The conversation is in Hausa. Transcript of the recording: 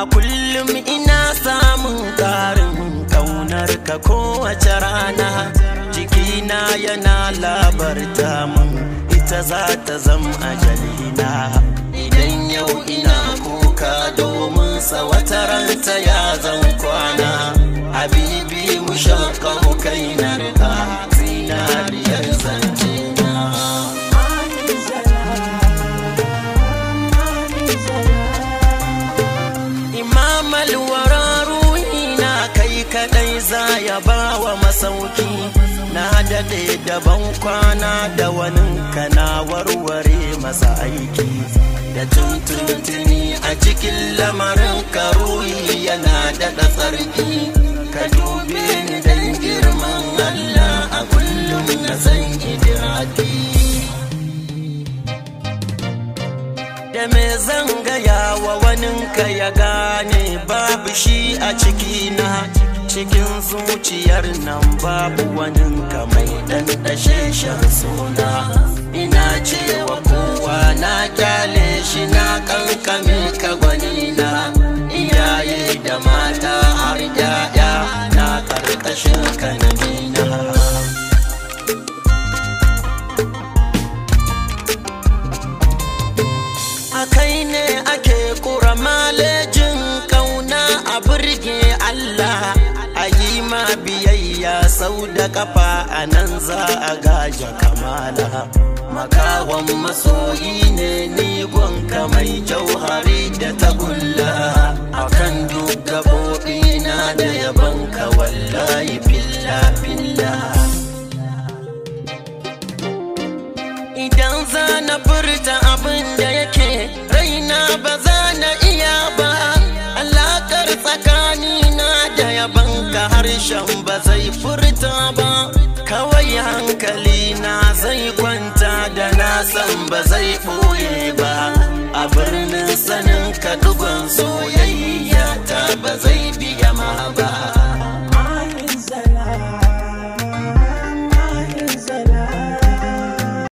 a kullum ina samun ƙarin ƙaunar ka kowace rana jikina yana labarta mun ita za ta zam ajalina idan yau ina kuka domin sa wata ranta ya zan kwana habibi mu mu za ya ba wa masauki na daɗe daban kwana da wani kana warware masa aiki da tuntuntuni a cikin lamarin karuyi yana daɗa tsarki ka dube ni don girman Allah a kullum na zan idiraki da me zan gaya wa waninka ya gane babu shi a cikina cikin zuciyar nan babu wani mai dan shan suna ina cewa kowa na kyale shi na kankame ka gwanina iyaye da mata har yaya na karkashin kanamina a kai ne ake kura male biyayya sau da kafa a nan za a gaja kamala makawan masoyi ne ni gwanka mai jauhari da tagulla a kan duk gabobi na da yaban ka wallahi billa billa idan za na furta abin da yake raina ba za na iya ba alaƙar tsakani na da yaban ka harshen zai furta ba kawai hankali na zai kwanta da na san ba zai ɓoye ba a birnin sanin ka dugon soyayya ta ba zai biya